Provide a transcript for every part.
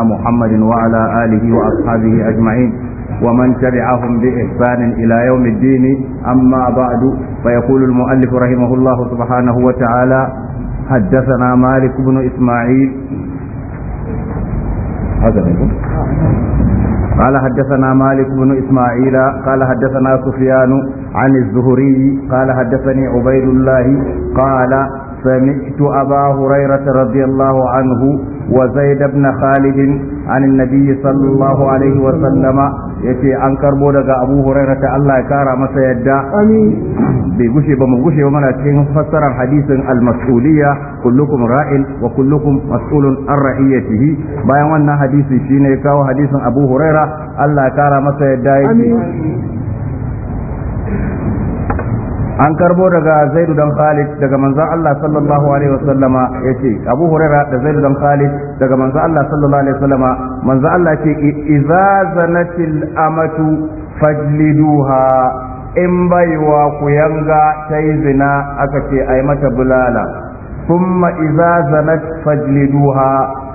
محمد وعلى آله وأصحابه أجمعين ومن تبعهم بإحسان إلى يوم الدين أما بعد فيقول المؤلف رحمه الله سبحانه وتعالى حدثنا مالك بن إسماعيل هذا قال حدثنا مالك بن إسماعيل قال حدثنا سفيان عن الزهري قال حدثني عبيد الله قال سمعت أبا هريرة رضي الله عنه وزيد بن خالد عن النبي صلى الله عليه وسلم yace an karbo daga Abu Hurairah ta Allah ya kara masa yadda amin bai gushe ba mu gushe ba cikin fassarar hadisin al-mas'uliyya kullukum ra'in wa kullukum mas'ulun an ra'iyatihi bayan wannan hadisi shine ya kawo hadisin Abu Hurairah Allah ya kara masa yadda amin. an karbo daga zaidu dan khalid daga manzon Allah sallallahu alaihi wasallama yace abu huraira da zaidu dan khalid daga manzon Allah sallallahu alaihi wasallama manzon Allah ce idza zanatil amatu fajliduha in baiwa ku yanga tai zina aka ce ai mata bulala thumma idza zanat fajliduha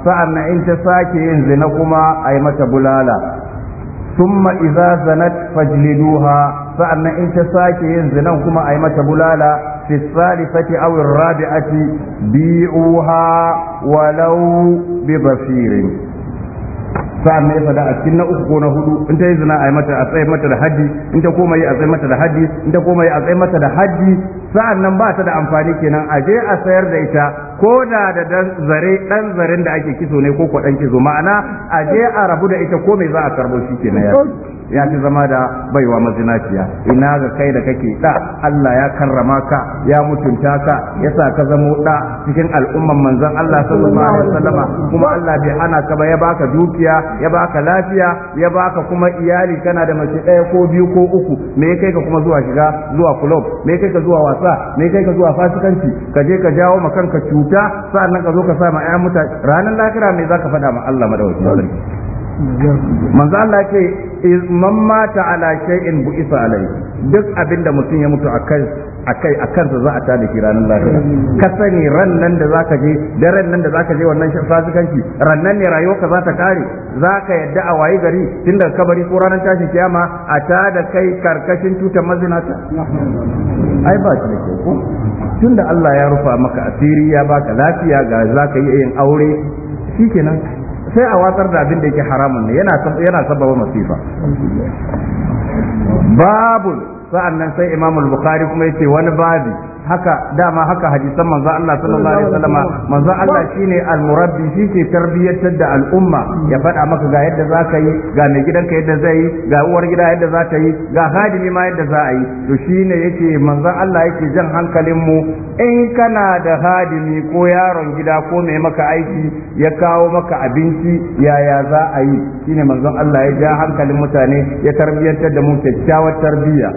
sa'an in ta sake yin zina kuma ai mata bulala thumma idza zanat fajliduha sa'annan in ta sake yin zinan kuma a yi mata bulala fi thalithati aw ar-rabi'ati bi'uha walau bi basirin sa'an ya fada a cikin na uku ko na hudu in ta yi zina a tsaye mata da haddi in ta koma yi a tsaye mata da haddi in ta koma yi a tsaye mata da haddi sa'an nan ba ta da amfani kenan a je a sayar da ita ko da da dan zare dan zaren da ake kiso ne ko ko dan kitso, ma'ana a je a rabu da ita ko me za a karbo shi kenan ya ya fi zama da baiwa mazinaciya ina ga kai da kake da Allah ya karrama ka ya mutunta ka ya sa ka zamo da cikin al'umman manzon Allah sallallahu alaihi wasallama kuma Allah bai hana ka ba ya baka dukiya ya baka lafiya ya baka kuma iyali kana da mace ɗaya ko biyu ko uku me kai ka kuma zuwa shiga zuwa club me kai ka zuwa wasa ne kai ka zuwa fasikanci ka je ka jawo ma kanka cuta sa'annan ka zo ka sa ma ƴan mutane ranar lahira me zaka faɗa ma Allah madawaci manzo Allah ce man mata ala shay'in isa alai duk abinda mutum ya mutu akai akai a za a ta da ranar lahira ka sani ran da zaka je da ran da zaka je wannan fasikanci ran nan ne ka za ta kare zaka yadda a wayi gari tun ka bari ko ranar tashin kiyama a tada kai karkashin tutar mazinata ai ba shi da kyau ko tunda Allah ya rufa maka asiri ya baka lafiya ga zaka yi yin aure shikenan sai a watsar da abin da yake haramun ne yana yana sababa masifa babu sa'annan sai imamul bukhari kuma yace wani babi haka dama haka hadisan manzo Allah sallallahu alaihi wasallam manzo Allah shine al-murabbi ke tarbiyyatar da al'umma ya faɗa maka ga yadda za yi ga mai gidanka yadda zai yi ga uwar gida yadda za ta yi ga hadimi ma yadda za a yi to shine yake manzo Allah yake jan hankalin mu in kana da hadimi ko yaron gida ko mai maka aiki ya kawo maka abinci yaya za a yi shine manzo Allah ya ja hankalin mutane ya tarbiyyantar da mu kyakkyawar tarbiyya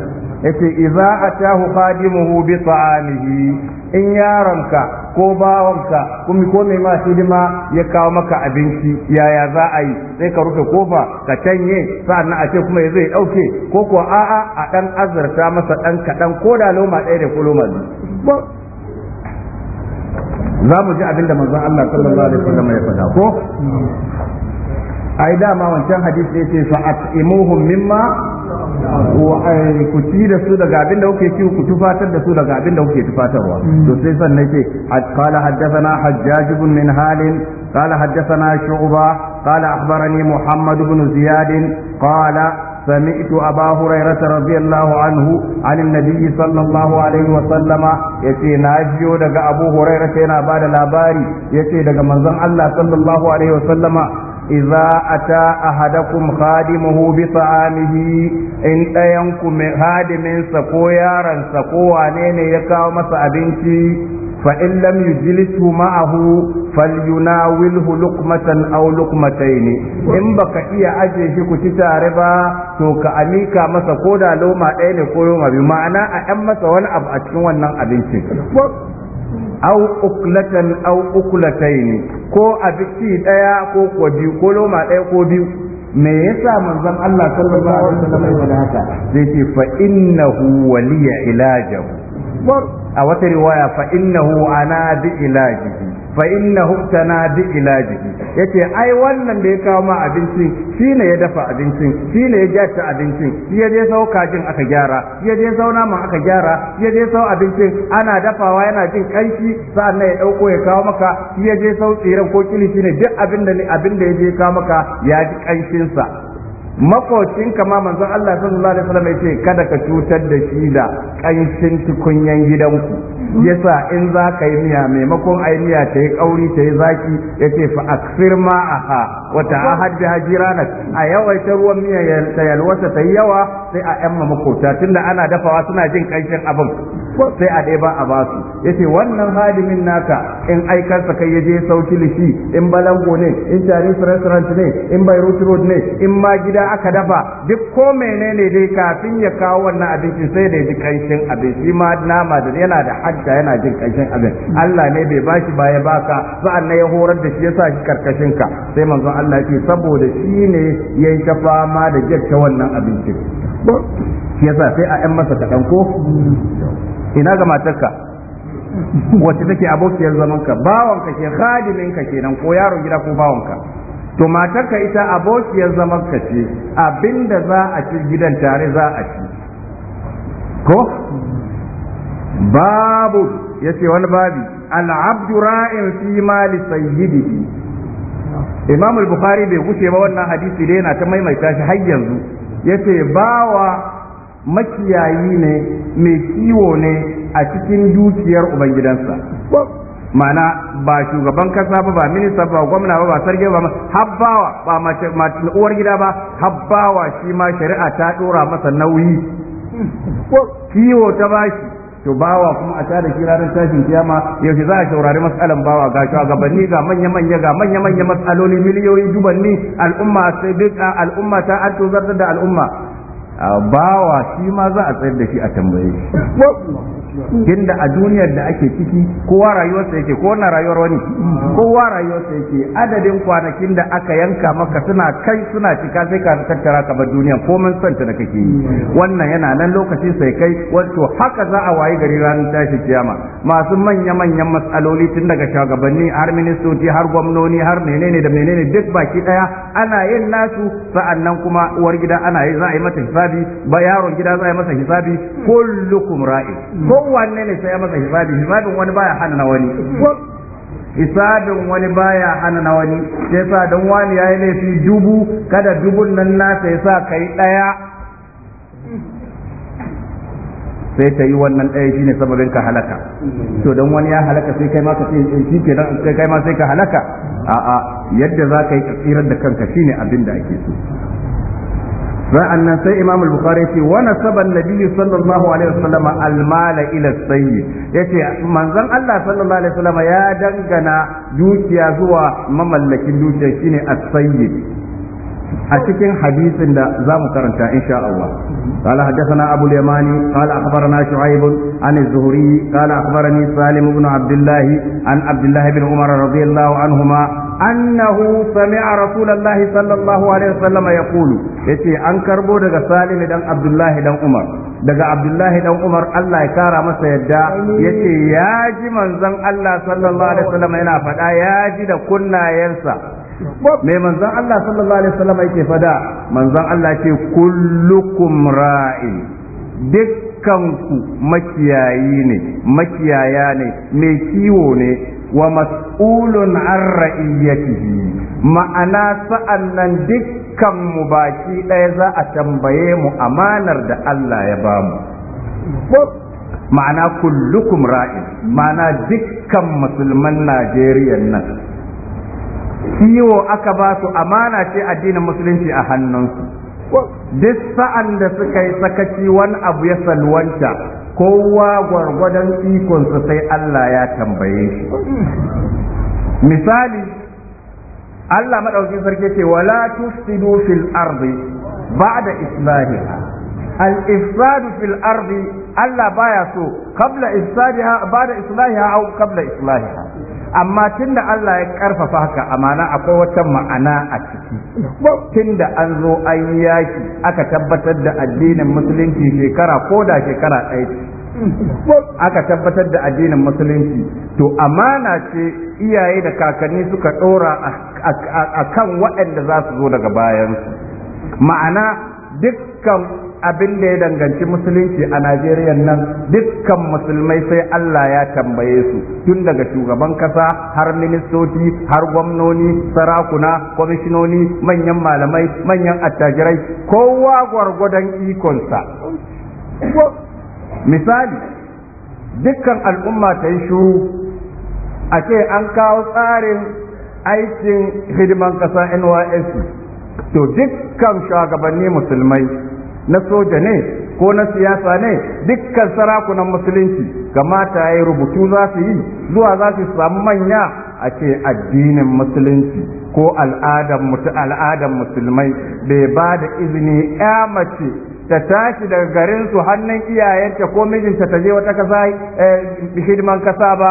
yace idza atahu khadimuhu bi ta'amihi in yaronka ko bawanka kuma ko mai ma hidima ya kawo maka abinci yaya za a yi sai ka rufe kofa ka canye sa'annan a ce kuma zai dauke ko ko a'a a dan azurta masa dan kadan ko da loma ɗaya da ko loma za mu ji abin da manzon Allah sallallahu alaihi wasallam ya faɗa ko ai dama wancan hadisi ya ce fa at'imuhum mimma eh, ku ci da su daga abin da kuke ci ku tufatar da su daga abin da kuke tufatarwa to sai san ce, qala haddathana hajjaj ibn min halin qala haddathana shu'ba qala akhbarani muhammad ibn ziyad qala سمعت أبا هريرة رضي الله عنه عن النبي صلى الله عليه وسلم يتي ناجيو دقى أبو هريرة ينا لاباري يتي دقى منزل الله صلى الله عليه وسلم Iza ata ahadakum khadimuhu bi ta'amihi in dayan ku hadimin sa ko yaran ko wane ya kawo masa abinci fa in lam yujlisu ma'ahu falyunawilhu luqmatan aw luqmatayn in baka iya aje shi ku ci tare ba to ka amika masa koda loma ɗaya ne ko loma biyu ma'ana a ɗan masa wani abu a cikin wannan abincin au uklatan au uklataini ko abinci daya ko ko biyu ko loma daya ko biyu me yasa manzon Allah sallallahu alaihi wasallam ya haka zai ce fa innahu waliya ilajahu a wata riwaya fa innahu ana bi ilajihi fa innahu tana bi ilajihi yace ai wannan da ya kawo ma abincin shine ya dafa abincin shine ya jata abincin shi ya je sau kajin aka gyara ya je sau naman aka gyara ya je sau abincin ana dafawa yana jin kanshi sa'annan ya dauko ya kawo maka shi ya je sau tsiran ko kilishi ne duk abin da abin da ya je kawo maka ya ji kanshin sa makocin kama manzon Allah sallallahu alaihi wasallam yace kada ka cutar da shi da kanshin tukunyan gidanku yasa in za ka yi miya maimakon ai miya ta yi kauri ta yi zaki yace fa aksir aha wa ta'ahad biha hajirana a ta ruwan miya ta yalwata ta yawa sai a yamma makota tunda ana dafawa suna jin kanshin abin sai a dai ba a basu yace wannan hadimin naka in aikarsa kai yaje sauki lishi in balango ne in tari restaurant ne in bayrut road ne in ma gida aka dafa duk ko menene dai kafin ya kawo wannan abincin sai da ji kanshin abin shi ma nama da yana da hajja yana jin kancin abin Allah ne bai bashi ba ya baka sa'an nan ya horar da shi ya sa shi karkashin ka sai manzon Allah ya saboda shi ne yayi ta fama da jakka wannan abincin shi yasa sai a yan masa kadan ko ina ga matarka wacce take abokiyar zaman ka? bawon ka ke ka kenan ko yaron gida ko bawanka to matarka ita abokiyar zaman ka ce abinda za a ci gidan tare za a ci ko babu ya ce wani babi al'abdu ra'in fi mali sayyidi imam al-bukhari bai gushe ba wannan hadisi da yana ta maimaita shi har yanzu yace bawa makiyayi ne mai kiwo ne a cikin dukiyar ubangidansa ma'ana ba shugaban kasa ba ba minista ba gwamna ba ba sarki ba habbawa ba mace uwar gida ba habbawa shi ma shari'a ta dora masa nauyi kiwo ta bashi to bawa kuma a tada shi ranar tashin kiyama yaushe za a shaurari matsalan bawa ga shugabanni ga manya-manya ga manya-manya matsaloli miliyoyi dubanni al'umma sai duk al'umma ta an zartar da al'umma bawa shi ma za a tsayar da shi a tambaye inda a duniyar da ake ciki kowa rayuwarsa yake ko na rayuwar wani kowa rayuwarsa yake adadin kwanakin da aka yanka maka suna kai suna cika sai ka tattara ka bar duniya komai son ta da kake yi wannan yana nan lokaci sai kai wato haka za a wayi gari ranar tashi kiyama masu manya manyan matsaloli tun daga shugabanni har ministoci har gwamnoni har menene da menene duk baki daya ana yin nasu sa'annan kuma uwar gida ana yi za a yi mata hisabi ba yaron gida za a yi masa hisabi kullukum ra'i kowanne ne sai masa hisabi hisabin wani baya hana na wani hisabin wani baya hana na wani sai sa dan wani yayi laifi dubu kada dubun nan na sai sa kai daya sai ta yi wannan ɗaya ne sababin ka halaka to dan wani ya halaka sai kai ma ka eh, shi kenan kai ma sai ka halaka a'a yadda za ka yi tsirar da kanka shine abin da ake so sa'an nan sai imam al-bukhari ce wani nasaba an-nabi sallallahu alaihi wasallam al-mala ila sayyi yace manzon Allah sallallahu alaihi wasallam ya dangana dukiya zuwa mamallakin dukiya shine as-sayyi A cikin hadisin da za mu karanta insha Allah. Kana haddasa na Abulhamani, kana akabarani Shu'aibu, ani Zuhurri, kana akabarani Salimu na Abdullahi, an Abdullahi bin Umar rabil'ahu, an Annahu samiha rasulallahi sallallahu alaihi wa sallam ya an karɓo daga Salimi dan Abdullahi dan Umar, daga Abdullahi dan Umar Allah ya kara masa yadda da. Ya ce ya ji manzan Allah sallallahu alaihi wa yana faɗa, yaji da kunnayensa. mai manzan Allah sallallahu alaihi wasallam yake fada Manzan Allah ce kullukum ra'in dukkanku makiyayi ne makiyaya ne mai kiwo ne wa mas'ulun an ra'iyatihi ma'ana nan dukkan mu baki ɗaya za a tambaye mu amanar da Allah ya bamu ma'ana kullukum ra'in ma'ana dukkan musulman Najeriya nan kiwo aka ba su amana ce addinin musulunci a hannunsu duk sa'an da suka yi sakaci wani abu ya salwanta kowa gwargwadon su sai Allah ya tambaye shi misali Allah madaukin sarki ce wala tufsidu fil ardi ba'da islahiha al ifsadu fil ardi Allah baya so qabla ifsadiha ba'da islahiha aw qabla islahiha amma tunda Allah ya karfafa haka amana akwai wata ma'ana a ciki tunda an zo an yaki aka tabbatar da addinin musulunci shekara ko da shekara ɗaya aka tabbatar da addinin musulunci to amana ce iyaye da kakanni suka ɗora a kan waɗanda za su zo daga bayansu ma'ana dukkan abin da ya danganci musulunci a Najeriya nan dukkan musulmai sai Allah ya tambaye su tun daga shugaban kasa har ministoci har gwamnoni sarakuna kwamishinoni manyan malamai manyan attajirai kowa gwargwadon ikonsa misali dukkan al'umma ta yi shuru a ce an kawo tsarin aikin hidiman kasa NYSC to dukkan shugabanni musulmai na soja ne ko na siyasa ne dukkan sarakunan musulunci kamata ya yi rubutu za su yi zuwa za su samu manya a ce addinin musulunci ko al'adan musulmai bai ba da izini ya mace ta tashi daga garin su hannun iyayenta ko mijinta ta je wata kasa eh, hidiman kasa ba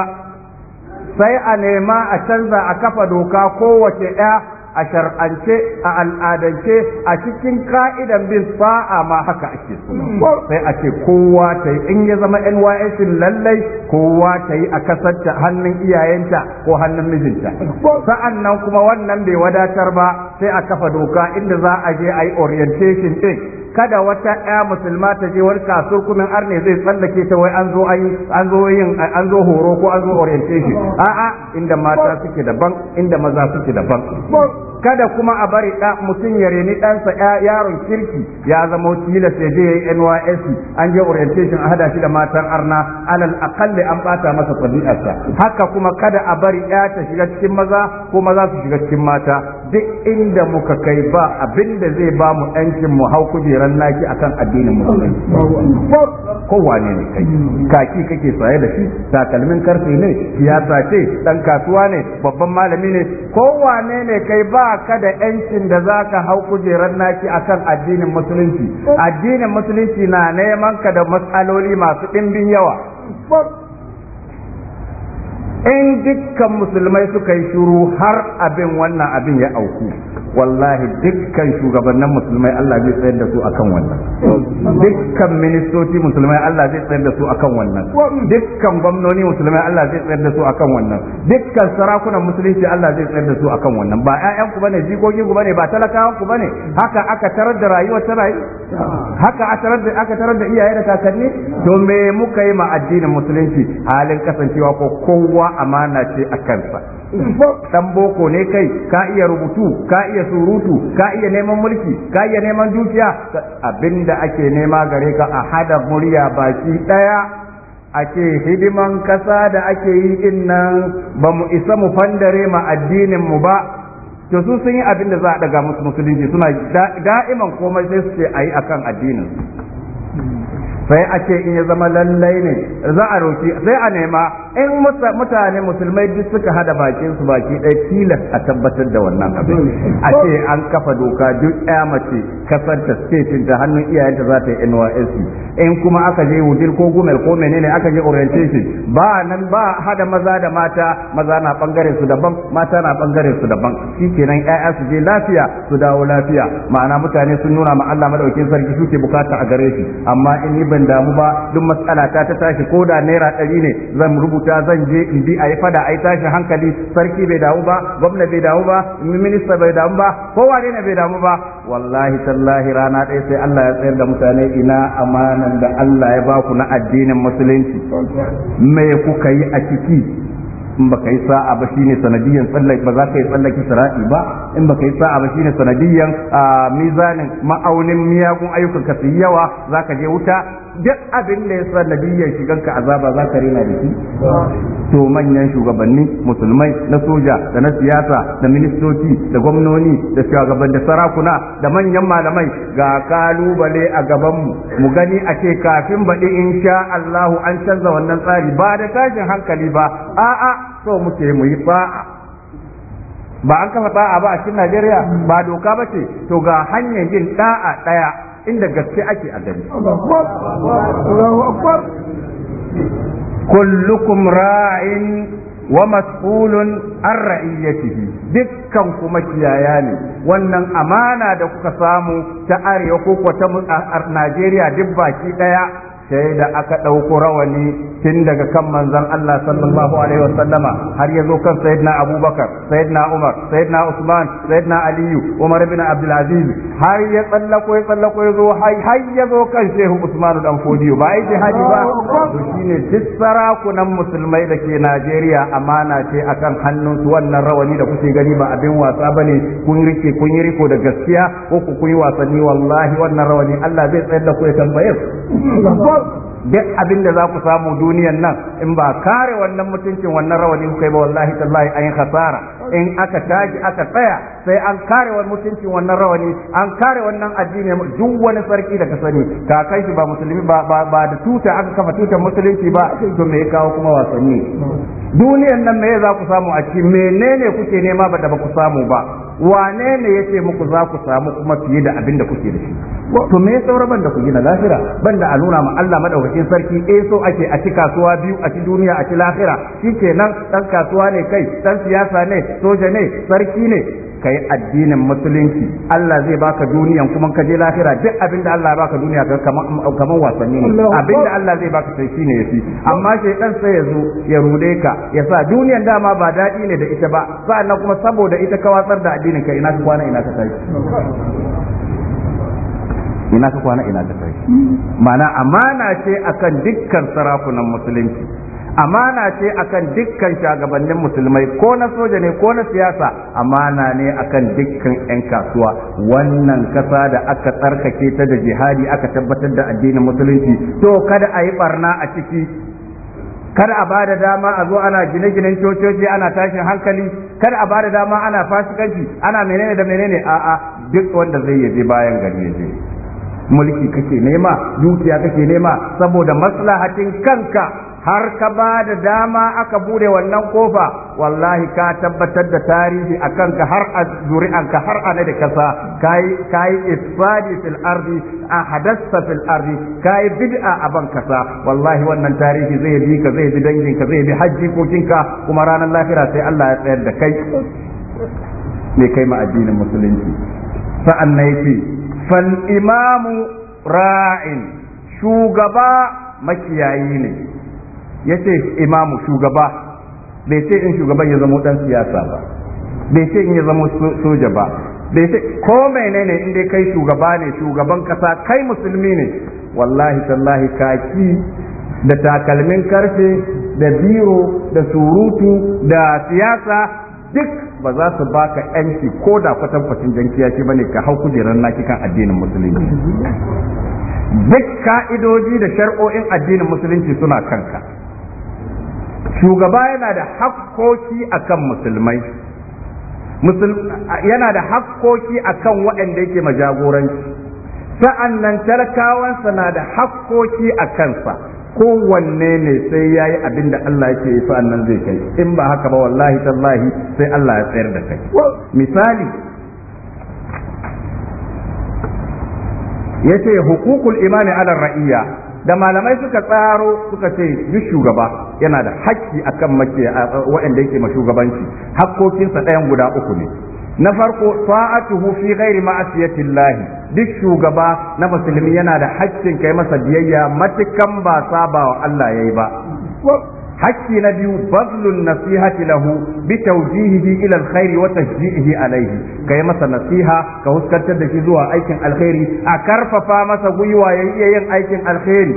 sai a nema a canza a kafa doka kowace ya a shar'ance a al'adance a cikin ka'idan bin sa'a ma haka ake hmm. sai a ce kowa ta yi in ya zama NYS lallai kowa ta yi a kasarta hannun iyayenta ko hannun mijinta sa'an nan kuma wannan bai wadatar ba sai a kafa doka inda za a je a yi orientation din kada wata ya musulma ta je wani kasuwar kumin arne zai tsallake ta wai an zo an zo yin an zo horo ko an zo orientation a'a inda mata suke daban inda maza suke daban kada kuma a bari da mutum ya reni ɗansa yaron kirki ya zama tilas ya je yayi NYSC an je orientation a hada shi da matan arna alal aqalli an bata masa tabi'arsa haka kuma kada a bari ya ta shiga cikin maza ko maza su shiga cikin mata duk inda muka kai ba abinda zai ba mu ɗancin mu hau kujeran naki akan addinin mu kowane ne kai kaki kake saye da shi takalmin karfe ne siyasa ce dan kasuwa ne babban malami ne kowane ne kai ba ka da yancin da za ka hau kujerar naki a kan addinin musulunci addinin musulunci na neman ka da matsaloli masu ɗimbin yawa in dukkan musulmai suka yi shuru har abin wannan abin ya auku wallahi dukkan shugabannin musulmai Allah zai tsayar da su akan wannan dukkan ministoci musulmai Allah zai tsayar da su akan wannan dukkan gwamnoni musulmai Allah zai tsayar da su akan wannan dukkan sarakunan musulunci Allah zai tsayar da su akan wannan ba ƴaƴan ku bane jikokin ku bane ba talakawan ku bane haka aka tarar da rayuwar ta rayu haka aka tarar da iyaye da kakanni to me muka yi ma addinin musulunci halin kasancewa ko kowa amana ce a kansa dan boko ne kai ka iya rubutu ka iya surutu ka iya neman mulki ka iya neman dukiya abinda ake nema gare ka a hada murya baki daya ake hidiman kasa da ake yi din nan ba mu isa mu fandare ma addinin mu ba to su sun yi abin da za a daga musu musulunci suna da'iman komai sai su ce ayi akan addinin sai a ce in ya zama lallai ne za a roki sai a nema in mutane musulmai duk suka hada bakin su baki ɗaya tilas a tabbatar da wannan abin a ce an kafa doka duk ɗaya mace kasar ta ta hannun iyayenta za ta yi NYSC in kuma aka je wudil ko gumel ko menene aka je orientation ba nan ba hada maza da mata maza na bangare su daban mata na bangaren su daban shikenan ƴaƴa su je lafiya su dawo lafiya ma'ana mutane sun nuna ma Allah madaukin sarki suke bukata a gare shi amma in ni ban damu ba duk matsala ta ta tashi ko da naira ɗari ne zan rubuta zan je in bi ayi fada ayi tashi hankali sarki bai damu ba gwamna bai damu ba minista bai damu ba kowa ne bai damu ba wallahi tallahi rana ɗaya sai Allah ya tsayar da mutane ina amana tsarin da Allah ya ba ku na addinin musulunci me kuka yi a ciki in ka yi sa'a ba shine sanadiyan tsallaki ba za ka yi tsallaki sira'i ba in ka yi sa'a ba shine sanadiyan ah, mizanin ma'aunin miyagun ayyukan ka yawa za ka je wuta duk abin da ya sa nabiyyar shigar ka azaba za ka rina da shi to manyan shugabanni musulmai na soja da na siyasa da ministoci da gwamnoni da shugaban da sarakuna da manyan malamai ga kalubale a gabanmu mu gani a ce kafin baɗi in sha Allahu an canza wannan tsari ba da tashin hankali ba a'a so muke mu yi ba'a ba an kafa ba'a ba a cikin Najeriya ba doka ba ce to ga hanyar yin da'a ɗaya. inda gaske ake a gani kullukum ra'in wa mas'ulun an ra'iyyatihi dukkan kuma kiyaya ne wannan amana da kuka samu ta arewa ko ta Najeriya duk baki daya sai da aka ɗauko rawani tun daga kan manzan Allah sallallahu alaihi wasallama har ya zo kan sayyidina Abubakar sayyidina Umar sayyidina Usman sayyidina Aliyu, Umar bin Abdul Aziz har ya tsallako ya tsallako ya zo har ya zo kan Shehu Usman dan Fodiyo ba ai jihadi ba to shine duk sarakunan musulmai da ke Najeriya amana ce akan hannun su wannan rawani da kuke gani ba abin wasa bane kun rike kun yi riko da gaskiya ko ku yi wasanni wallahi wannan rawani Allah zai tsayar da ku ya tambayar duk abin da za ku samu duniyan nan in ba kare wannan mutuncin wannan rawani kuka ba wallahi tallahi an yi hasara in aka taji aka tsaya sai an kare wannan mutuncin wannan rawani an kare wannan addini duk wani sarki da ka sani kai shi ba musulmi ba ba da tuta aka kafa tutan musulunci ba to me ya kawo kuma wasanni duniyan nan me za ku samu a ciki menene kuke nema ba da ba ku samu ba wane ne ce muku za ku samu kuma fiye da abin da kuke da shi to me ya saura banda ku gina lafira banda a nuna ma Allah madaukakin sarki eh so ake a ci kasuwa biyu a ci duniya a ci lafira shikenan dan kasuwa ne kai dan siyasa ne soja ne sarki ne kai addinin musulunci Allah zai baka duniyan kuma ka je lahira duk abin da Allah ya baka duniya kamar wasanni ne abin da Allah zai baka sai shine yafi amma sai dan sai ya zo ya rude ka ya sa duniyan dama ba daɗi ne da ita ba sa'annan kuma saboda ita ka watsar da addinin ka ina ka kwana ina ka tashi ina ka kwana ina ka tashi mana amana ce akan dukkan sarakunan musulunci amana ce akan dukkan shugabannin musulmai ko na soja ne ko na siyasa amana ne akan dukkan 'yan kasuwa wannan kasa da aka tsarkake ta da jihadi aka tabbatar da addinin musulunci to kada a yi barna a ciki kada a bada dama a zo ana gine-ginen cococi ana tashin hankali kada a bada dama ana fasikanci ana menene da menene a'a duk wanda zai yaje bayan gari yaje mulki kake nema dukiya kake nema saboda maslahatin kanka har ka ba da dama aka bude wannan kofa wallahi ka tabbatar da tarihi a kanka har a zuri'anka har a da kasa ka yi isfadi fil ardi a hadassa fil ardi ka yi bid'a a ban kasa wallahi wannan tarihi zai bi ka zai bi danginka zai bi hajji kokinka kuma ranar lafiya sai Allah ya tsayar da kai ne kai ma addinin musulunci sa'an na yace fal imamu ra'in shugaba makiyayi ne ya ce imamu shugaba bai ce in shugaban ya zamo dan siyasa ba bai ce in ya zamo soja ba bai ce ko menene in dai kai shugaba ne shugaban kasa kai musulmi ne wallahi sallahi kaki da takalmin karfe da biro da surutu da siyasa duk ba za su baka yanci ko da kwatankwacin jankiya ce bane ka hau kujerar naki kan addinin musulunci duk ka'idoji da shar'o'in addinin musulunci suna kanka shugaba yana da hakkoki akan musulmai yana da hakkoki akan waɗanda yake majagoranci sa'annan Sa'annan talakawansa na da hakkoki a kansa kowanne ne sai ya yi abin da Allah yake yi sa'annan zai kai in ba haka ba wallahi tallahi sai Allah ya tsayar da kai misali yace hukukul imani ala ra'iyya da malamai suka tsaro suka ce duk shugaba yana da hakki akan mace waɗanda yake mashugabanci hakkokinsa ɗayan guda uku ne na farko ta'atuhu fi ghairi ma'asiyatillahi duk shugaba na musulmi yana da hakkin kai masa biyayya matukan ba sabawa wa Allah yayi ba hakki na biyu bazlun nasihati lahu bi tawjihihi ila alkhairi wa tashji'ihi alayhi kai masa nasiha ka huskantar da shi zuwa aikin alheri, a karfafa masa gwiwa ya iya yin aikin alheri.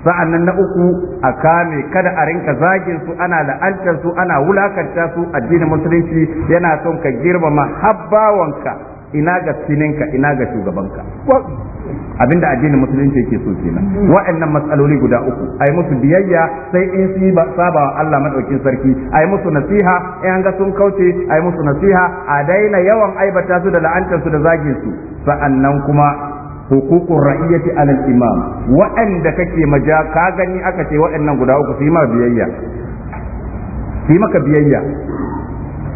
sa'annan na uku a kame kada a rinka zagin su ana la'antar su ana wulakanta su addinin musulunci yana son ka girmama habbawanka ina ga sininka ina ga shugabanka abinda addinin musulunci yake so kenan wa'annan matsaloli guda uku ai musu biyayya sai in su ba saba wa Allah madaukin sarki ai musu nasiha in an ga sun kauce ai musu nasiha a daina yawan aibata su da la'antar su da zagin su sa'annan kuma hukukun ra'iyyati alal imam wa'anda kake maja ka gani aka ce wa'annan guda uku su ma biyayya su maka biyayya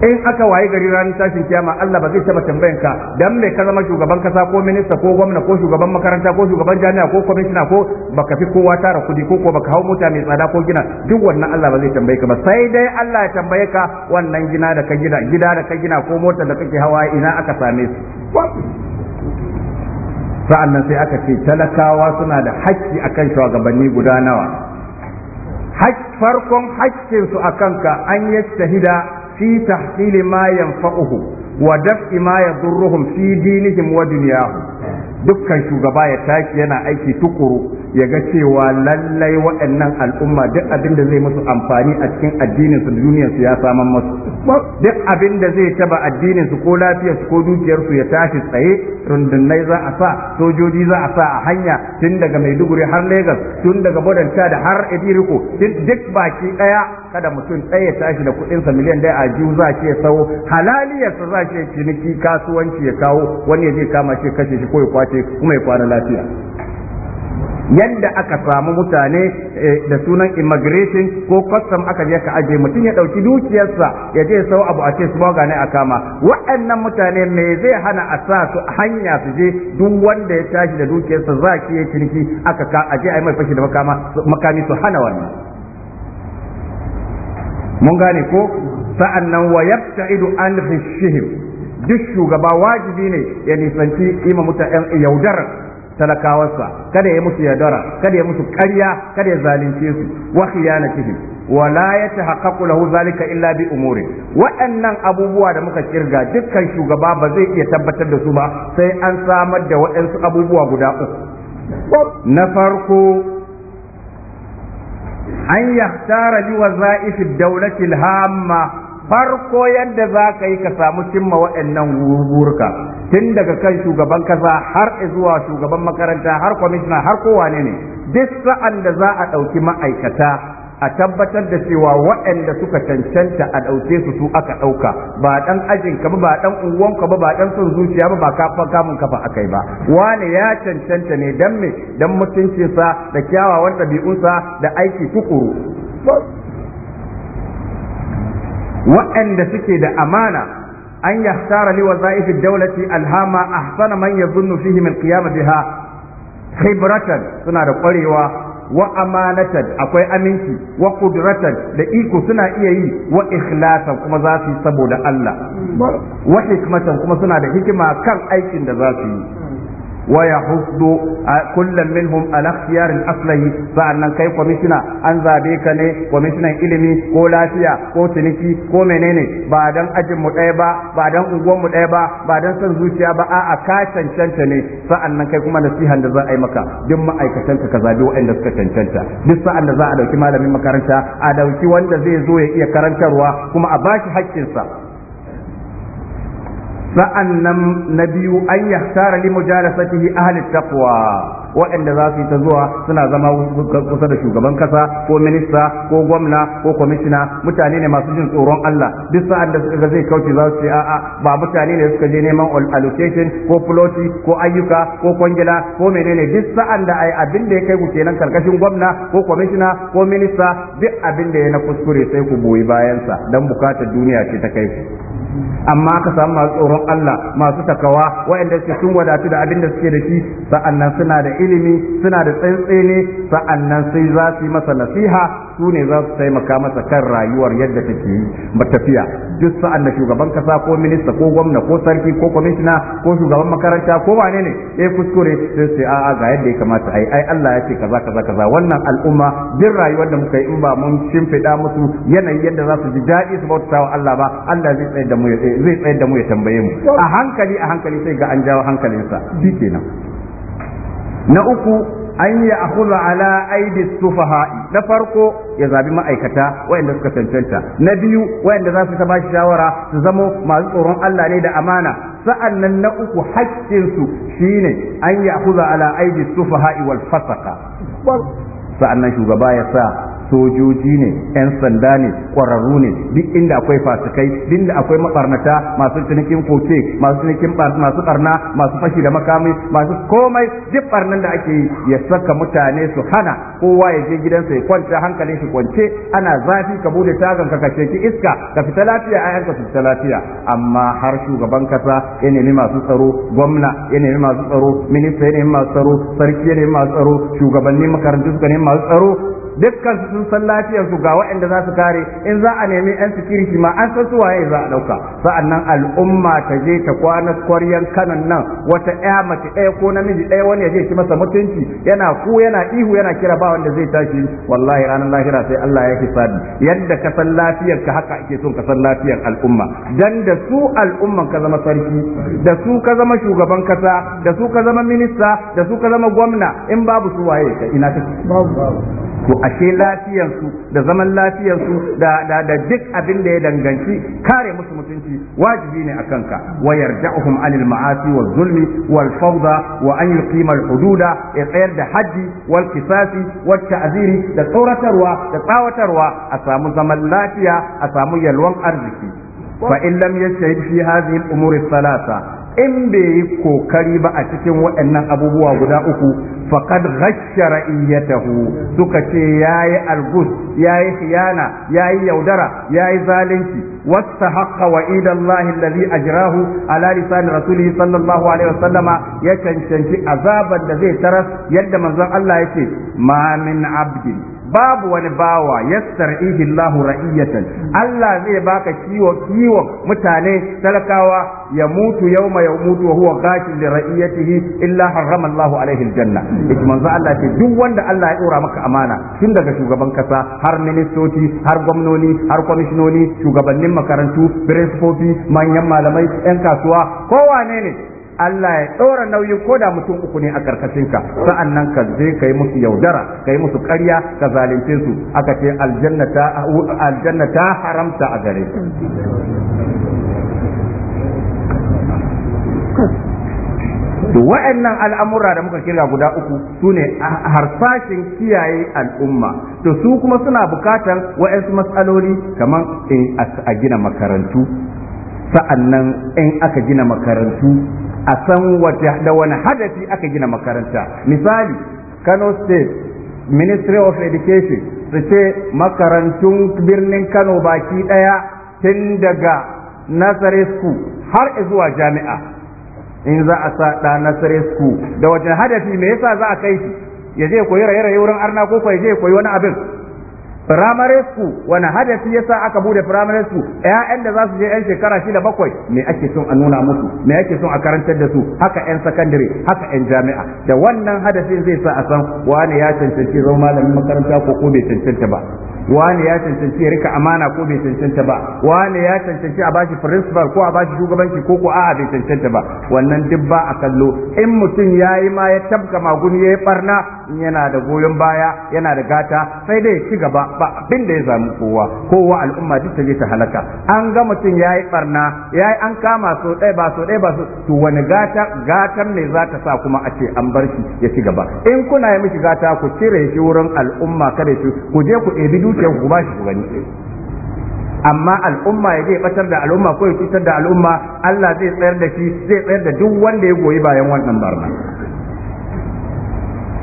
in aka waye gari ranar tashin kiyama Allah ba zai taba tambayan ka dan me ka zama shugaban kasa ko minista ko gwamna ko shugaban makaranta ko shugaban jami'a ko kwamishina ko baka fi kowa tara kudi ko ko baka hau mota mai tsada ko gina duk wannan Allah ba zai tambaye ka ba sai dai Allah ya tambaye ka wannan gina da ka gina gida da ka gina ko motar da kake hawa ina aka same su sa'annan sai aka ce talakawa suna da hakki akan shugabanni guda nawa farkon hakkinsu a ka an yi shahida fi tahsili ma wa daf'i ma fi dinihim wa dukkan shugaba ya tashi yana aiki tukuru ya ga cewa lallai waɗannan al'umma duk abin da zai musu amfani a cikin addinin su duniyar ya saman musu duk abin da zai taba addininsu ko lafiyarsu ko dukiyarsu ya tashi tsaye rundunai za a sa sojoji za a sa a hanya tun daga Maiduguri har Lagos tun daga Bodanta da har Ediriko duk baki ɗaya. kada mutum ɗaya tashi da kuɗinsa miliyan ɗaya a jiwu za ce sau halaliyarsa za ce ciniki kasuwanci ya kawo wani ya je kama ce kashe shi ko ya kwace kuma ya kwana lafiya yadda aka samu mutane eh, da sunan immigration ko kwastam aka je ka ajiye mutum ya ɗauki dukiyarsa ya je sau abu a ce su gane a kama waɗannan mutane me zai hana a sa su hanya su je duk wanda ya tashi da dukiyarsa za ki ciniki aka aje a yi mai fashi da makami su hana wannan mun gane ko sa'an nan wa yabta'idu an shihim duk shugaba wajibi ne ya nisanci ima yan yaudar talakawarsa kada ya musu yaudara kada ya musu karya kada ya zalunce su wa khiyanatihi wa la yatahaqqaqu lahu zalika illa bi umuri waɗannan abubuwa da muka kirga dukkan shugaba ba zai iya tabbatar da su ba sai an samar da waɗansu abubuwa guda uku na farko an yahtara li wazaifi dawlati hamma farko yadda za ka yi ka samu cimma waɗannan wurburka tun daga kan shugaban kasa har zuwa shugaban makaranta har kwamishina har kowane ne duk sa'an da za a ɗauki ma'aikata a tabbatar da cewa waɗanda suka cancanta a ɗauke su su aka ɗauka ba ɗan ajin ka ba ba ɗan unguwanka ba ba ɗan son zuciya ba ba kafa kamun kafa akai ba wane ya cancanta ne dan me dan mutuncinsa da kyawawan ɗabi'unsa da aiki tukuru waɗanda suke da amana an أن يختار alhama a الهامة أحسن من يظن فيه kiyama قيام بها suna da ƙwarewa. wa amanatan akwai aminci wa kudratan da iko suna iya yi wa ikhlasan kuma za su yi saboda Allah wa hikmatan kuma suna da hikima kan aikin da za su yi Waya a ويحض كل منهم على اختيار الاصله فان kai كوميشنا an زابي ka ne kwamishinan ilimi ko lafiya ko ciniki ko menene ba dan ajin ɗaya ba ba dan unguwan ɗaya ba ba dan son zuciya ba a'a ka cancanta ne sa'annan kai kuma nasihan da za a yi maka duk ma'aikatanka ka zabi waɗanda suka cancanta duk sa'an da za a ɗauki malamin makaranta a dauki wanda zai zo ya iya karantarwa kuma a bashi haƙƙinsa Sa'an nan na biyu an yahtara li mujalasatihi ahli taqwa waɗanda za su yi ta zuwa suna zama kusa da shugaban kasa ko minista ko gwamna ko kwamishina mutane ne masu jin tsoron Allah duk sa'an da suka zai kauce za su ce a'a ba mutane ne suka je neman allocation ko floti ko ayyuka ko kwangila ko menene duk sa'an da ai abin da ya kai ku kenan karkashin gwamna ko kwamishina ko minista duk abin da ya na kuskure sai ku boyi bayansa dan bukatar duniya ce ta kai ku amma aka samu masu tsoron Allah masu takawa waɗanda suke sun wadatu da abin da suke da shi sa'annan suna da ilimi suna da tsantsene sa'annan sai za su yi masa nasiha su ne za su taimaka masa kan rayuwar yadda take yi tafiya duk sa'an da shugaban kasa ko minista ko gwamna ko sarki ko kwamishina ko shugaban makaranta ko wane ne ya kuskure sai sai a'a ga yadda ya kamata ai ai Allah ya ce kaza kaza kaza wannan al'umma bin rayuwar da muka yi in ba mun shimfiɗa musu yanayi yadda za su ji daɗi su bautawa Allah ba Allah zai tsaye da mu ya zai tsayar da mu ya tambaye mu a hankali a hankali sai ga an jawo hankalinsa kenan. na uku an yi a kula ala aidi sufaha'i na farko ya zabi ma'aikata wayanda suka cancanta na biyu wayanda za su ba shi shawara su zamo masu tsoron Allah ne da amana sa'an nan na uku haƙƙinsu shine an yi a kula ala aidi sufaha'i wal fasaka sa'an nan shugaba ya sa sojoji ne yan sanda ne kwararru ne duk inda akwai fasikai duk inda akwai mabarnata masu cinikin koke masu cinikin masu barna masu fashi da makami masu komai duk barnan da ake ya saka mutane su hana kowa ya je gidansa ya kwanta hankalin shi kwance ana zafi ka bude tagan ka kace ki iska ka fita lafiya ayanka ka fita lafiya amma har shugaban kasa ya nemi masu tsaro gwamna ya nemi masu tsaro minista ya nemi masu tsaro sarki ya nemi masu tsaro shugabannin makarantu suka nemi masu tsaro dukkan su sun san lafiyar su ga waɗanda za su kare in za a nemi yan security ma an san su waye za a dauka sa'annan al'umma ta je ta kwana kwaryan kanan nan wata ɗaya mace ɗaya ko namiji ɗaya wani ya je ki masa mutunci yana ku yana ihu yana kira ba wanda zai tashi wallahi ranar lahira sai Allah ya hisabi yadda ka san lafiyar ka haka ake son ka san lafiyar al'umma dan da su al'umman ka zama sarki da su ka zama shugaban kasa da su ka zama minista da su ka zama gwamna in babu su waye ka ina kake babu to ashe lafiyarsu da zaman lafiyarsu da da da duk abin da ya danganci kare musu mutunci wajibi ne akan ka wa yarja'uhum anil ma'asi wa zulmi wal fawda wa an yuqima al hududa ya tsayar da hajji, wal kisasi wa ta'ziri da tsoratarwa da tsawatarwa a samu zaman lafiya a samu yalwan arziki fa in lam yashhad fi hadhihi al umuri thalatha in bai yi kokari ba a cikin waɗannan abubuwa guda uku faqad ya ra'iyatahu suka ce yayi algus yayi khiyana yayi yaudara yayi zalunci wastahaqqa wa'ida Allah alladhi a ala lisan rasulihi sallallahu alaihi wasallama ya cancanci azaban da zai taras yadda manzon Allah ya ma min abdin babu wani bawa ihi Allahu ra'iyatan Allah zai baka kiwo kiwo mutane talakawa ya mutu yauma ya mutu wa huwa qatil li ra'iyatihi illa harrama Allahu alaihi aljanna ita manzo Allah ce duk wanda Allah ya dora maka amana tun daga shugaban kasa har ministoci har gwamnoni har kwamishinoni shugabannin makarantu principal manyan malamai yan kasuwa ne ne Allah ya ɗora nauyin ko da mutum uku ne a karkashinka sa'an nan ka je ka yi musu yaudara ka yi musu ƙarya ka zalunce su aka ce aljanna ta haramta a gare wa'annan al'amura da muka kira guda uku su ne harsashin kiyaye al'umma to su kuma suna bukatan wa'ansu matsaloli kamar in a gina makarantu sa'an nan in aka gina makarantu a san da wani hadafi aka gina makaranta misali kano state ministry of education su ce makarantun birnin kano baki ɗaya tun daga nursery school har zuwa jami'a in za a sa da school da wajen hadafi me yasa za a kai shi ya je koyi raye-raye wurin arna ko ya je koyi wani abin primary school wani hadasi ya sa aka bude primary school ƴaƴan da za su je 'yan shekara shida bakwai me ake son a nuna musu me ake son a karantar da su haka 'yan sakandare haka 'yan jami'a da wannan hadasin zai sa a san wani ya cancanci zama malamin makaranta ko ko bai cancanta ba wani ya cancanci ya rika amana ko bai cancanta ba wani ya cancanci a bashi principal ko a bashi shugabanci ko ko a'a bai cancanta ba wannan duk ba a kallo in mutum ya yi ma ya tabka maguni ya yi barna yana da goyon baya yana da gata sai dai ci gaba ba abin da ya zami kowa kowa al'umma duk ta je ta halaka an ga mutum ya yi barna ya yi an kama so ɗaya ba so ɗaya ba so to wani gata gatar ne za ta sa kuma a ce an bar shi ya ci gaba in kuna yi mishi gata ku cire shi wurin al'umma kada ku je ku ɗebi dukiyar ku shi ku gani amma al'umma ya zai batar da al'umma ko ya cutar da al'umma Allah zai tsayar da shi zai tsayar da duk wanda ya goyi bayan wannan barna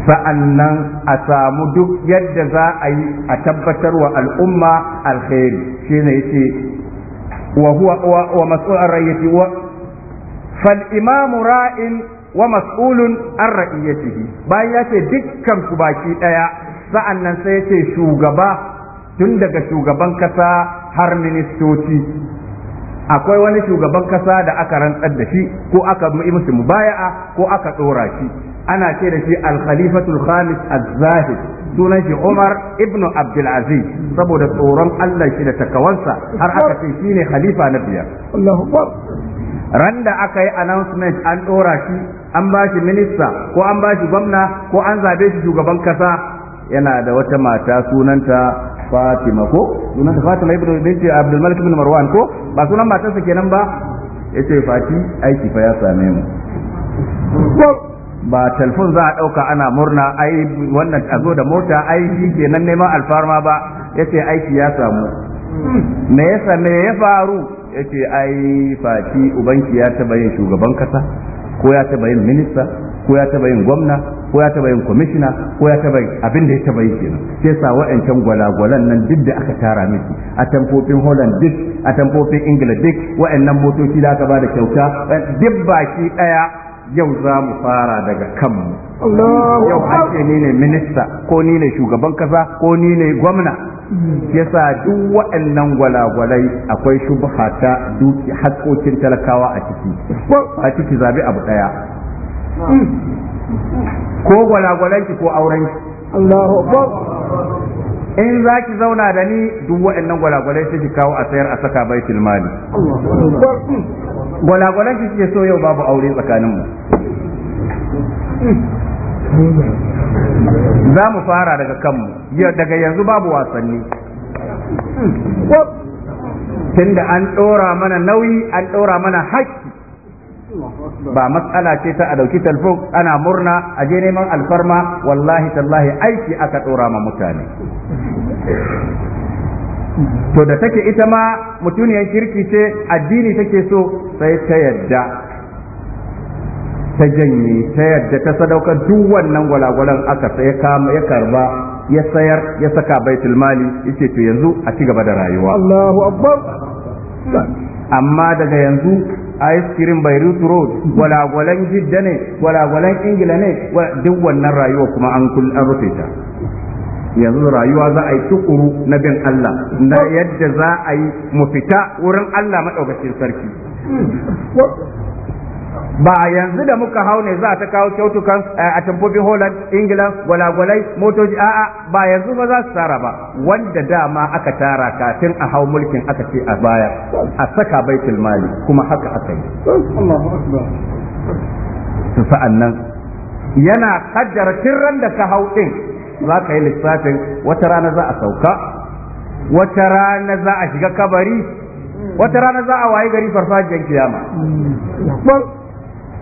sa'annan a samu duk yadda za a yi a tabbatar wa al'umma alkhairi ne yace wa huwa wa mas'ul ar-rayyati wa fal imamu ra'in wa mas'ulun an ra'iyatihi bayan ya ce dukkan ku baki daya sa'annan sai yace shugaba tun daga shugaban kasa har ministoci akwai wani shugaban kasa da aka rantsar da shi ko aka yi musu mubaya'a ko aka dora shi ana ce da shi al-khalifatul khamis az-zahid sunan shi Umar ibn Abdul Aziz saboda tsoron Allah shi da takawansa har aka ce ne khalifa na biyar Allahu Akbar randa aka yi announcement an dora shi an ba shi minista ko an ba shi gwamna ko an zabe shi shugaban kasa yana da wata mata sunanta fatima ko sunan ta fatima ibn binti abdul malik ibn marwan ko ba sunan matarsa kenan ba yace fati aiki fa ya same mu ba telefon za a ɗauka ana murna ai wannan a da mota ai shi kenan neman alfarma ba yace aiki ya samu me yasa me ya faru yace ai fati ubanki ya taba yin shugaban kasa ko ya taba yin minista ko ya taba yin gwamna ko ya taba yin kwamishina ko ya taba abin da ya taba yi kenan sai sa wa'ancan gwalagwalan nan duk da aka tara miki a tamfofin Holland duk a tamfofin Ingila duk wa'annan motoci da aka bada kyauta duk baki daya yau za mu fara daga kanmu yau ake ni ne minista ko ni ne shugaban kasa ko ni ne gwamna yasa duk waɗannan gwalagwalai akwai shubha ta duki hakkokin talakawa a ciki a ciki zabi abu daya ko gwalagwalanki ko aurenki Allahu akbar in za ki zauna da ni duk waɗannan gwalagwalai ki kawo a sayar a saka baitul mali gwalagwalan ki ke so yau babu aure tsakanin mu za mu fara daga kanmu daga yanzu babu wasanni tunda an ɗora mana nauyi an ɗora mana haƙƙi ba matsala ce ta a ɗauki talfon ana murna a je neman alfarma wallahi tallahi aiki aka ɗora ma mutane to da take ita ma mutuniyar kirki ce addini take so sai ta yadda ta janye ta yadda ta sadaukar duk wannan gwalagwalan aka sai ya karba ya sayar ya saka baitul mali yace to yanzu a ci gaba da rayuwa amma daga yanzu ice cream by root Road gwalagwalan Jidda ne gwalagwalan Ingila ne duk wannan rayuwa kuma an an rufe ta yanzu rayuwa za a yi tukuru na bin Allah na yadda za a yi mu fita wurin Allah maɗaukacin sarki hmm. ba yanzu da muka hau ne za a ta kawo kyautukan eh, a tamfofin holland ingila gwalagwalai motoci a'a ba yanzu ba za su tara ba wanda dama aka tara kafin a hau mulkin aka ce a baya a saka baitul mali kuma haka aka yi su sa'an nan yana kaddara tirran da ka hau din za ka yi lissafin wata rana za a sauka wata rana za a shiga kabari wata rana za a waye gari farfajiyar kiyama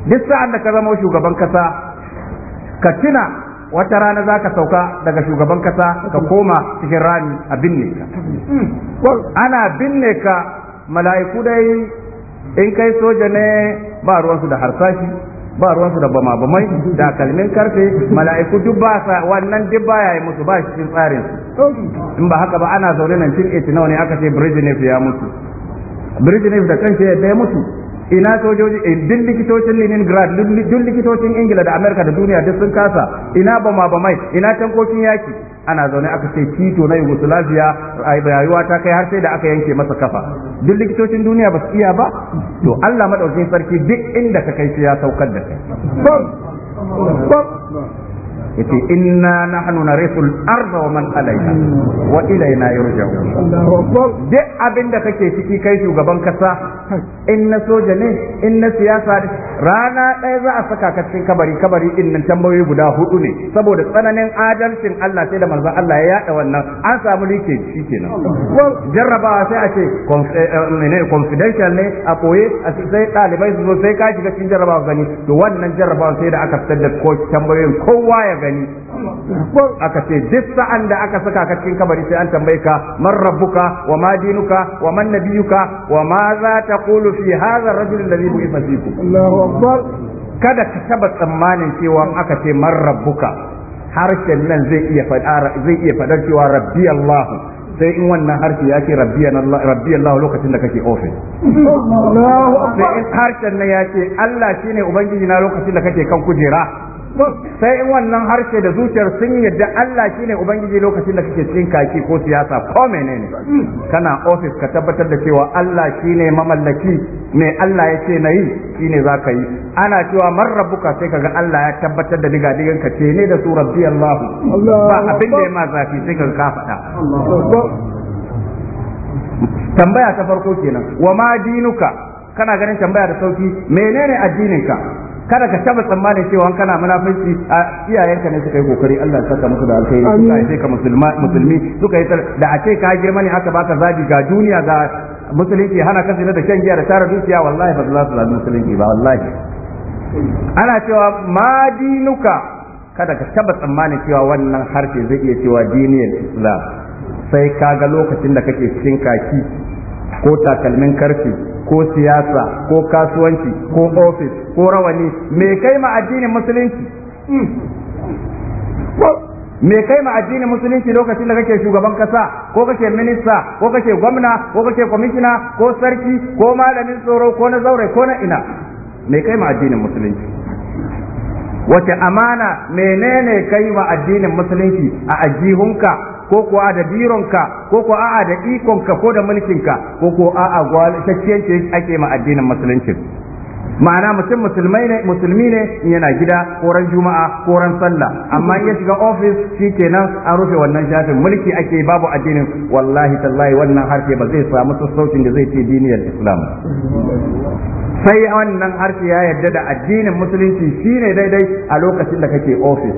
duk sa'an da ka zama shugaban kasa ka tuna wata rana za ka sauka daga shugaban kasa ka koma cikin rani a binne ka ana binne ka mala'iku dai in kai soja ne ba ruwansu da harsashi ba ruwansu da bama bamai da kalmin karfe mala'iku duk ba sa wannan duk ya yi musu ba cikin tsarin in ba haka ba ana zaune nan cin nawa ne aka ce Brezhnev ya mutu Brezhnev da kanshi ya mutu ina sojoji eh, duk likitocin Leningrad duk likitocin Ingila da Amerika da duniya duk sun kasa ina bama bamai ina tankokin yaki ana zaune aka ce tito na Yugoslavia rayuwa ta kai har sai da aka yanke masa kafa duk likitocin duniya ba su iya ba to Allah madaukakin sarki duk inda ka kai ya saukar da kai yace inna nahnu narithul arda wa man alayha wa ilayna yurja'u duk abin da kake ciki kai shugaban kasa in na soja ne in na siyasa rana ɗaya za a saka ka cikin kabari kabari din nan tambayoyi guda hudu ne saboda tsananin adalcin Allah sai da manzon Allah ya yada wannan an samu rike shi kenan jarrabawa sai a ce eh, eh, confidential ne a koye sai ɗalibai su zo sai ka shiga cikin jarrabawa gani to wannan jarrabawa sai da aka fitar da tambayoyin kowa ya gani gani aka ce duk sa'an da aka saka ka cikin kabari sai an tambaye ka man rabbuka wa ma dinuka wa man nabiyuka wa ma za qulu fi hadha ar-rajul alladhi bu'itha fikum Allahu akbar kada ka taba tsammanin cewa aka ce man rabbuka harshen nan zai iya fadara zai iya fadar cewa rabbi Allah sai in wannan harshe ya ce rabbi Allah lokacin da kake ofis. Sai in harshen nan ya ce Allah shine ubangiji na lokacin da kake kan kujera. sai in wannan harshe da zuciyar sun yadda Allah shine ubangiji lokacin da kake cikin kaki ko siyasa ko menene kana ofis ka tabbatar da cewa Allah shine mamallaki me Allah ya ce na nayi shine zaka yi ana cewa man rabbuka sai kaga Allah ya tabbatar da diga digan ka ce ne da su rabbi Allah ba abin da ya ma zafi sai kaga ka faɗa tambaya ta farko kenan wa ma dinuka kana ganin tambaya da sauki menene addininka kada ka taba tsammanin cewa kana munafiki a iyayenka ne suka yi kokari Allah ya saka musu da alkhairi suka yi ka musulma musulmi suka yi da a ce ka girma ne aka baka zabi ga duniya ga musulunci hana kansu da shan giya da tara dukiya wallahi ba za su zabi musulunci ba wallahi ana cewa ma dinuka kada ka taba tsammanin cewa wannan harshe zai iya cewa diniyar islam sai kaga lokacin da kake cikin kaki ko takalmin karfi ko siyasa ko kasuwanci ko ofis ko rawani me kai ma addinin musulunci hmm. me kai ma addinin musulunci lokacin da kake shugaban kasa ko kake minista ko kake gwamna ko kake kwamishina ko sarki ko malamin tsoro ko na zaure ko na ina me kai ma addinin musulunci wace amana menene kai ma addinin musulunci a ajihunka ko ko a da bironka ko ko a'a da ikonka ko da mulkinka ko ko a'a gwalitacciyar ake ma addinin musulunci ma'ana mutum musulmai ne musulmi ne yana gida ko ran juma'a ko ran sallah amma in ya shiga ofis kenan an rufe wannan shafin mulki ake babu addinin wallahi tallahi wannan harfe ba zai samu sassaucin da zai ce diniyar islam sai wannan harfe ya yarda da addinin musulunci shine daidai a lokacin da kake ofis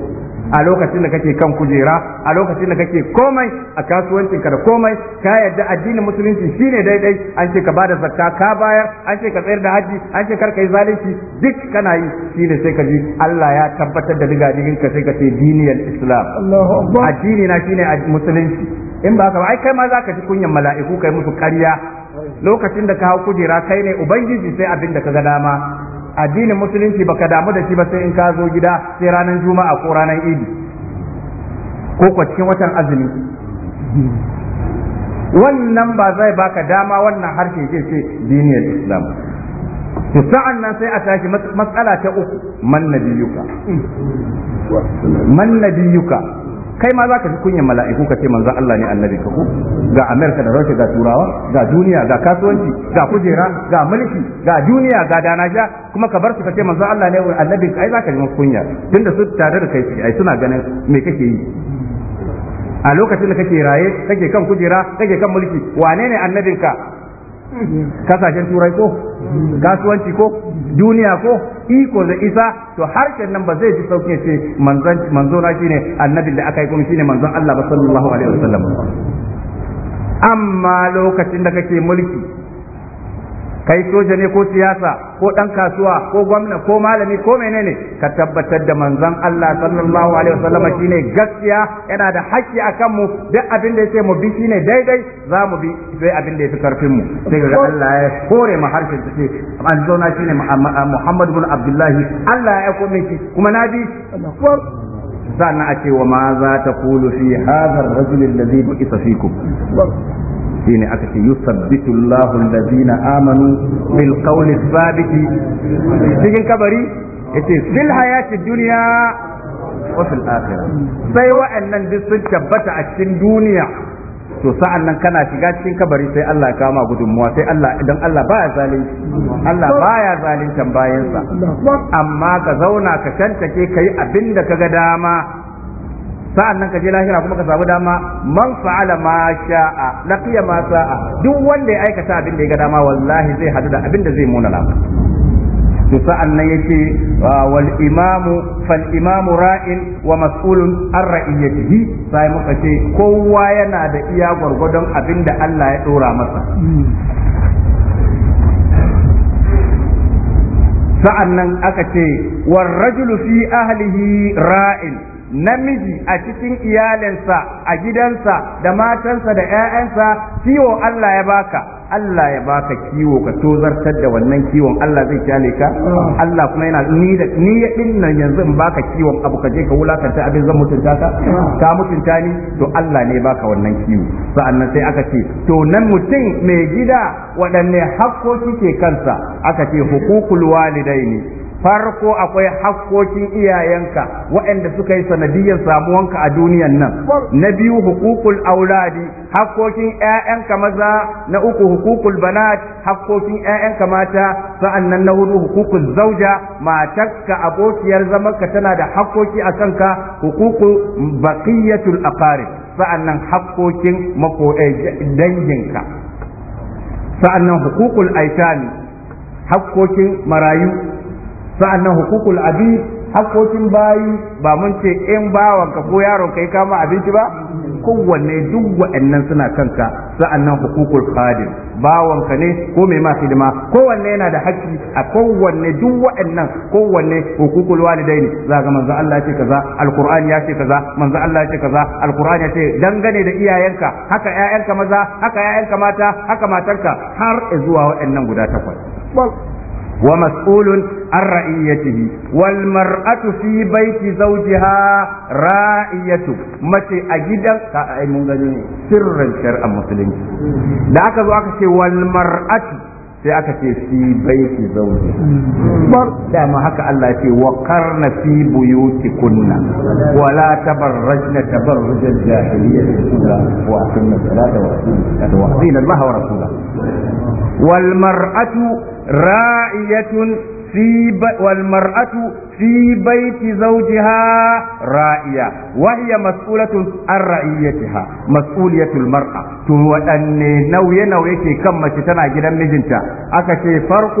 a lokacin da kake kan kujera a lokacin da kake komai a kasuwancin ka da komai ka yadda addinin musulunci shine daidai an ce ka bada zakka ka bayar an ce ka tsayar da haji an ce kar yi zalunci duk kana yi shine sai ka ji Allah ya tabbatar da digadigin ka sai ka ce diniyal islam addini na shine musulunci in ba ka ba ai kai ma zaka ji kunyan mala'iku kai musu ƙarya lokacin da ka hau kujera kai ne ubangiji sai abin da ka ga dama addinin musulunci baka damu da shi ba sai in ka zo gida sai ranar juma'a ko ranar idi ko ko cikin watan azumi wannan ba zai baka dama wannan harshe ke ce diniyar islam to sa'an nan sai a tashi matsala ta uku man nabiyuka man nabiyuka kai ma za ka fi kunyan mala'iku ka ce manzan Allah ne annabi ka ku? ga Amerika da Rauke, ga Turawa ga duniya ga kasuwanci ga kujera ga mulki ga duniya ga danaja, kuma ka bar su ka ce manzan Allah ne annabi ka. ai za yi ji kunya tunda su tare da kai ai suna ganin me kake yi a lokacin da kake raye kake kan kujera kake kan mulki wane ne annabin ka? kasashen turai ko kasuwanci ko duniya ko iko da isa to harshen nan ba zai ji sauƙin ce manzo na shine annabin da aka yi kuma shine manzon Allah ba sallallahu alaihi wasallam amma lokacin da kake mulki kai soja ne ko siyasa ko dan kasuwa ko gwamna ko malami ko menene ka tabbatar da manzon Allah sallallahu alaihi wasallam shine gaskiya yana da haƙƙi akan mu duk abin da yake mu bi shine daidai za mu bi sai abin da yake karfin mu sai ga Allah ya kore mu harshen ta ce manzo na shine Muhammad ah, bin Abdullahi Allah ya kome shi kuma na bi sannan a ce wa ma za ta kulu fi hadha ar-rajul alladhi bu'itha fikum shine aka ce yusabbitu Allahu allazina amanu bil qawli thabiti cikin kabari yace fil hayati dunya wa fil akhirah sai wa'annan duk sun tabbata a cikin duniya to sa'an nan kana shiga cikin kabari sai Allah ya kama gudunmuwa sai Allah idan Allah baya zalunci Allah baya zaluntan bayansa amma ka zauna ka shantake kai abin da kaga dama sa'an nan ka je lahira kuma ka samu dama man fa'ala ma sha'a laqiya ma sa'a duk wanda ya aikata abin da ya ga dama wallahi zai hadu da abin da zai muna lamu to sa'an nan ce ah, wal imamu fal imamu ra'in wa mas'ulun an jihi sai muka ce kowa yana da iya gwargwadon abin da Allah ya ɗora masa sa'an nan aka ce war rajulu fi ahlihi ra'in namiji a cikin iyalinsa a gidansa da matansa da 'ya'yansa kiwo Allah ya baka Allah ya baka kiwo ka tozartar da wannan kiwon Allah zai kyale ka Allah kuma yana ni da ni ya dinna yanzu in baka kiwon abu ka je ka wulakanta abin zan mutunta ka ka mutunta ni to Allah ne baka wannan kiwo sa'annan sai aka ce to nan mutum mai gida waɗanne hakkoki ke kansa aka ce hukukul walidaini farko akwai hakkokin iyayenka waɗanda suka yi sanadiyar samuwanka a duniyan nan na biyu hukukul auladi hakkokin ƴaƴanka maza na uku hukukul banat hakkokin ƴaƴanka mata sa'annan na hudu hukukul zauja matarka abokiyar zamanka tana da hakkoki a kanka hukukul baqiyatul aqarib sa'annan hakkokin mako eh, danginka sa'annan hukukul aitami hakkokin marayu sa'annan hukukul abi haƙoƙin bayi ba mun ce in bawan ka ko yaron kai kama abinci ba kowanne duk waɗannan suna kanka sa'annan hukukul khadim bawan ka ne ko mai ma hidima kowanne yana da haƙƙi a kowanne duk waɗannan kowanne hukukul walidaini za ga manzo Allah ya ce kaza alqur'ani ya ce kaza manzo Allah ya ce kaza alqur'ani ya ce dangane da iyayenka haka ƴaƴanka maza haka ƴaƴanka mata haka matarka har zuwa waɗannan guda takwas ومسؤول عن رعيته والمرأة في بيت زوجها ما شيء أجد سر الشرع المسلم لا أكذو أكشي والمرأة sai aka ce fi baiti zauji bar dama haka Allah ya ce wa karna fi buyutikunna wa la tabarrajna tabarruj al-jahiliyyah wa aqimna salata wa aqimna wa aqimna Allah wa rasulahu wal mar'atu ra'iyatun في والمرأة في بيت زوجها رائية وهي مسؤولة عن رعيتها مسؤولية المرأة تو أن نوي نوي كي كم تنا جدا مجنتا أكشي فرق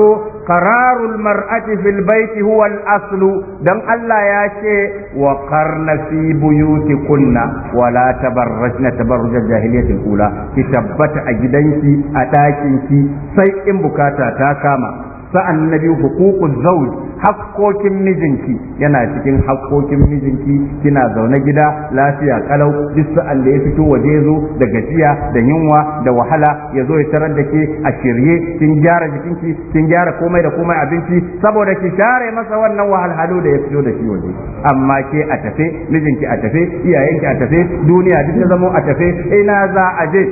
قرار المرأة في البيت هو الأصل دم الله يا شيء وقرن في بيوتكن ولا تبرجن تبرج الجاهلية الأولى كتبت أجدنك أتاكنك سيء بكاتا تاكاما sa'an na biyu hukukun zauj hakkokin mijinki yana cikin hakkokin mijinki kina zaune gida lafiya kalau duk sa'an da ya fito waje zo da gajiya da yunwa da wahala ya zo ya tarar da ke a shirye kin gyara jikinki kin gyara komai da komai abinci saboda ki share masa wannan wahalhalu da ya fito da shi waje amma ke a tafe mijinki a tafe iyayenki a tafe duniya duk ta zama a tafe ina za a je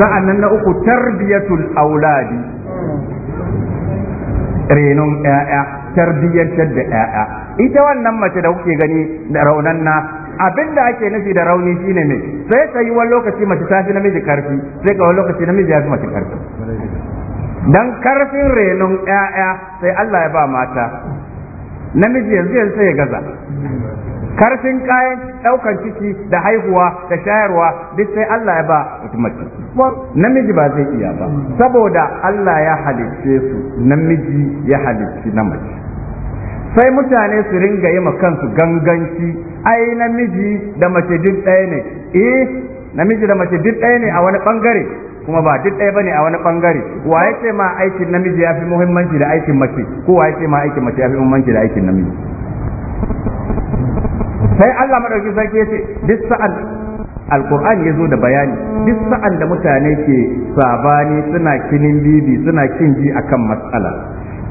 sa'annan na uku tarbiyatul auladi renon ƴaƴa tarbiyyantar da ƴaƴa ita wannan mace da kuke gani da raunanna abin da ake nufi da rauni shine mai sai ta yi wani lokaci mace ta fi namiji karfi sai ka wani lokaci namiji ya fi mace karfi dan karfin renon ƴaƴa sai Allah ya ba mata namiji yanzu yanzu sai ya gaza karfin kayan ɗaukan ciki da haihuwa da shayarwa duk sai Allah ya ba mutum mace namiji ba zai iya ba saboda Allah ya halicce su namiji ya halicci na mace sai mutane su ringa yi kansu ganganci ai namiji da mace duk ɗaya ne eh namiji da mace duk ɗaya ne a wani bangare kuma ba duk ɗaya bane a wani bangare wa ya ce ma aikin namiji ya fi muhimmanci da aikin mace ko wa ya ce ma aikin mace ya fi muhimmanci da aikin namiji sai Allah madauki sarki yace ce duk sa'an alkur'ani ya zo da bayani duk sa'an da mutane ke sabani suna kinin bibi suna kin ji akan matsala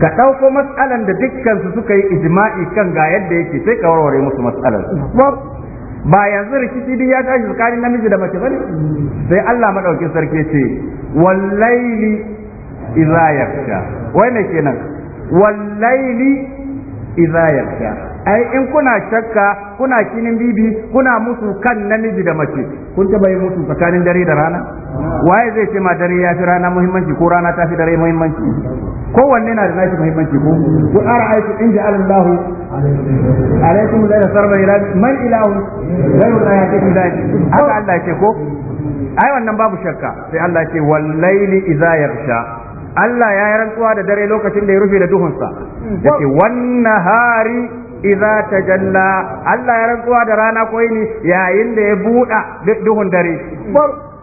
ka ɗauko matsalan da dukkansu suka yi ijma'i kan ga yadda yake sai ka warware musu matsalar ba yanzu rikici duk ya tashi tsakanin namiji da mace bane sai Allah madauki sarki ce wallahi idza wai me kenan wallahi idza yakhsha ai in kuna shakka kuna kinin bibi kuna musu kan namiji da mace kun taba yi musu tsakanin dare da rana waye zai ce ma dare ya fi rana muhimmanci ko rana ta fi dare muhimmanci kowanne na da nashi muhimmanci ko ku ara aiki in ja allahu alaikum la sarba ila man ilahu ghayru ayatihi da haka Allah ce ko ai wannan babu shakka sai Allah ce wal layli idza yaghsha Allah ya yi rantsuwa da dare lokacin da ya rufe da duhunsa Yake wannan hari idza tajalla Allah ya rantsuwa da rana ko yini yayin da ya buɗa duhun dare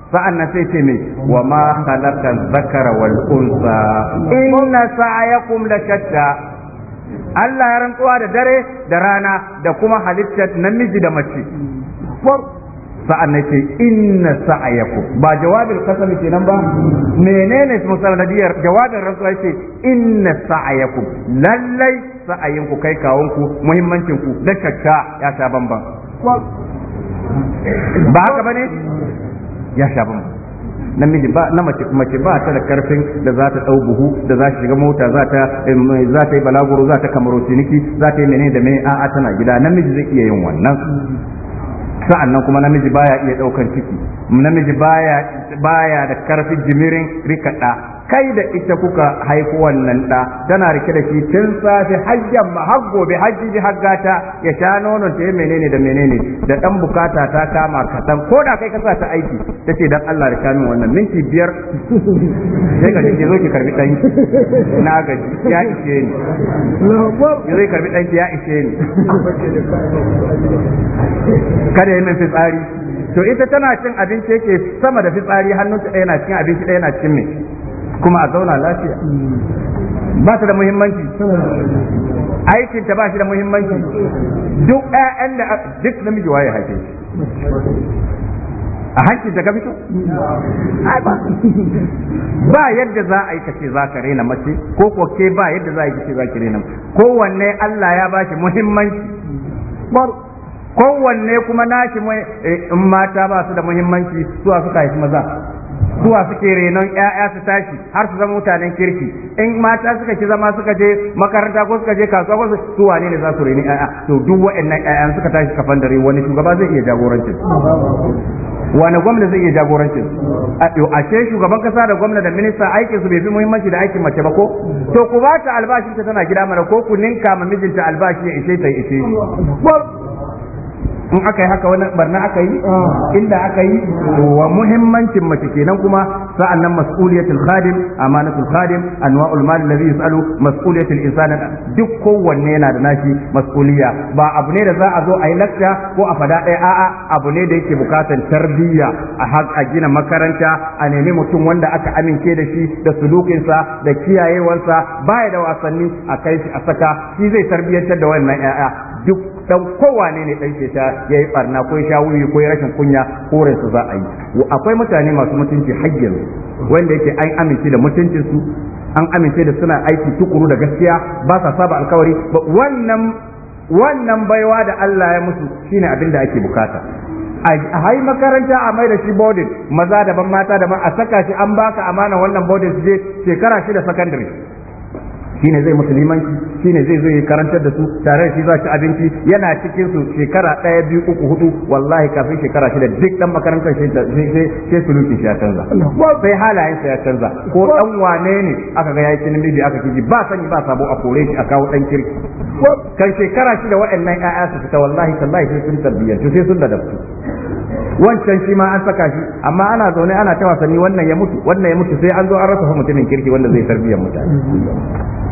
Sa'a sai ce mai wa ma khalaqa dhakara wal unsa inna sa'ayakum la shatta Allah ya rantsuwa da dare da rana da kuma halittar namiji da mace sa'an nan ce inna sa’ayaku ba jawabin ke nan ba menene musanadiyar jawabin rasuwa ce inna sa’ayaku lallai sa'ayinku kai kawunku muhimmancinku da kakka ya sha bamban ba haka bane ya sha bamban namiji ba na mace mace ba ta da karfin da za ta dau buhu da za ta shiga mota za ta eh, za ta yi balaguro za ta kamaro ciniki za ta yi menene da menene a'a tana gida namiji zai iya yin wannan sa'annan kuma namiji baya iya daukan ciki namiji baya baya da karfin jimirin rikada kai da ita kuka haifu wannan da tana rike da shi tun safe hajjan ma har gobe hajji ji haggata ya sha nonon ta menene da menene da dan bukata ta kama kasan ko da kai ka sa ta aiki tace dan Allah rika min wannan minti biyar sai ka je zo ki karbi dan na gaji ya ishe ni ki zo ki karbi dan ya ishe ni kada yi min fitsari to ita tana cin abinci yake sama da fitsari hannunta ɗaya na cin abinci ɗaya na cin me kuma a zauna lafiya ba ta da muhimmanci aikin ta ba shi da muhimmanci duk ƴaƴan da duk namiji waye haife a hankin ta ka fito ba yadda za a yi kace za ka rena mace ko ko ke ba yadda za a yi kace za ki rena kowanne Allah ya ba shi muhimmanci kowanne kuma nashi eh, mata ba su da muhimmanci su suka haifi maza suwa suke renon 'ya'ya su tashi har su zama mutanen kirki in mata suka ki zama suka je makaranta ko suka je kasuwa ko su wane ne za su reni ƴaƴa to duk waɗannan ƴaƴan suka tashi kafan dare wani shugaba zai iya jagorancin wani gwamna zai iya jagorancin a ce shugaban kasa da gwamna da minista aikin su bai fi muhimmanci da aikin mace ba ko to ku ba ta albashin ta tana gida mana ko ku ninka ma mijinta albashi ya ishe ta ishe in aka yi haka wani barna aka yi inda aka yi wa muhimmancin mace kenan kuma sa'an nan mas'uliyatul khadim amanatul khadim anwa'ul mal alladhi yus'alu mas'uliyatul insan duk kowanne yana da nashi mas'uliya ba abu ne da za a zo a yi lakta ko a fada ɗaya a'a abu ne da yake bukatan tarbiyya a gina makaranta a nemi mutum wanda aka amince da shi da sulukinsa da kiyayewarsa baya da wasanni a kai shi a saka shi zai tarbiyyantar da wannan 'ya'ya duk dan kowane ne dan sheta ya yi barna ko ya sha wuyi ko rashin kunya ko su za a yi akwai mutane masu mutunci hajjin wanda yake an amince da mutuncin su an amince da suna aiki tukuru da gaskiya ba sa saba alkawari wannan wannan baiwa da Allah ya musu shine abin da ake bukata a hai makaranta a mai da shi boarding maza daban mata daban a saka shi an baka amana wannan boarding su je shekara shida secondary Sine zai musulmanci ne zai zo karantar da su tare da shi za su abinci yana cikin su shekara ɗaya biyu uku hudu wallahi kafin shekara shida duk dan makarantar shi sai sulukin shi ya canza ko bai halayen sa ya canza ko dan wane ne aka ga yayi cinin bibi aka kiji ba sani ba sabo a kore shi a kawo dan kirki kan shekara shida waɗannan ƴaƴa su fita wallahi sallahi sai sun tarbiyyantu sai sun da wancan shi ma an saka shi amma ana zaune ana ta wasanni wannan ya mutu wannan ya mutu sai an zo an rasa mutumin kirki wanda zai tarbiyyar mutane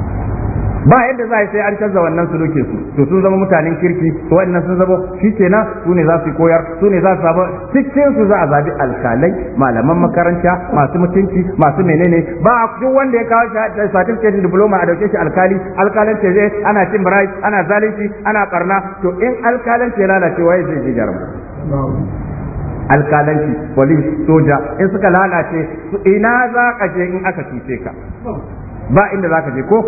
ba yadda za a sai an canza wannan su doke su to sun zama mutanen kirki to wannan sun zama shikenan su ne za su koyar su ne za su samu cikin su za a zabi alkalai malaman makaranta masu mutunci masu menene ba duk wanda ya kawo certificate diploma a dauke shi alkali alkalin ce zai ana cin bright ana zalunci ana barna to in alkalin ce lalace waye zai je jarum alkalanci police soja in suka lalace ina za ka je in aka cuce ka ba inda ka je ko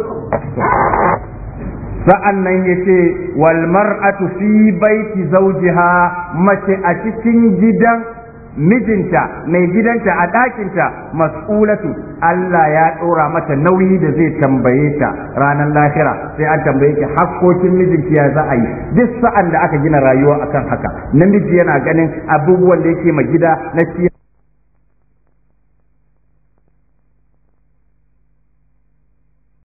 sa'an nan ya ce walmar'atu fi baiti zaujiha mace a cikin gidan mijinta mai gidanta a ɗakinta mas'ulatu Allah ya ɗora mata nauyi da zai tambaye ta ranar lahira sai an tambaye ki hakkokin mijinki ya za a yi duk sa'an da aka gina rayuwa akan haka namiji yana ganin abubuwan da yake ma gida na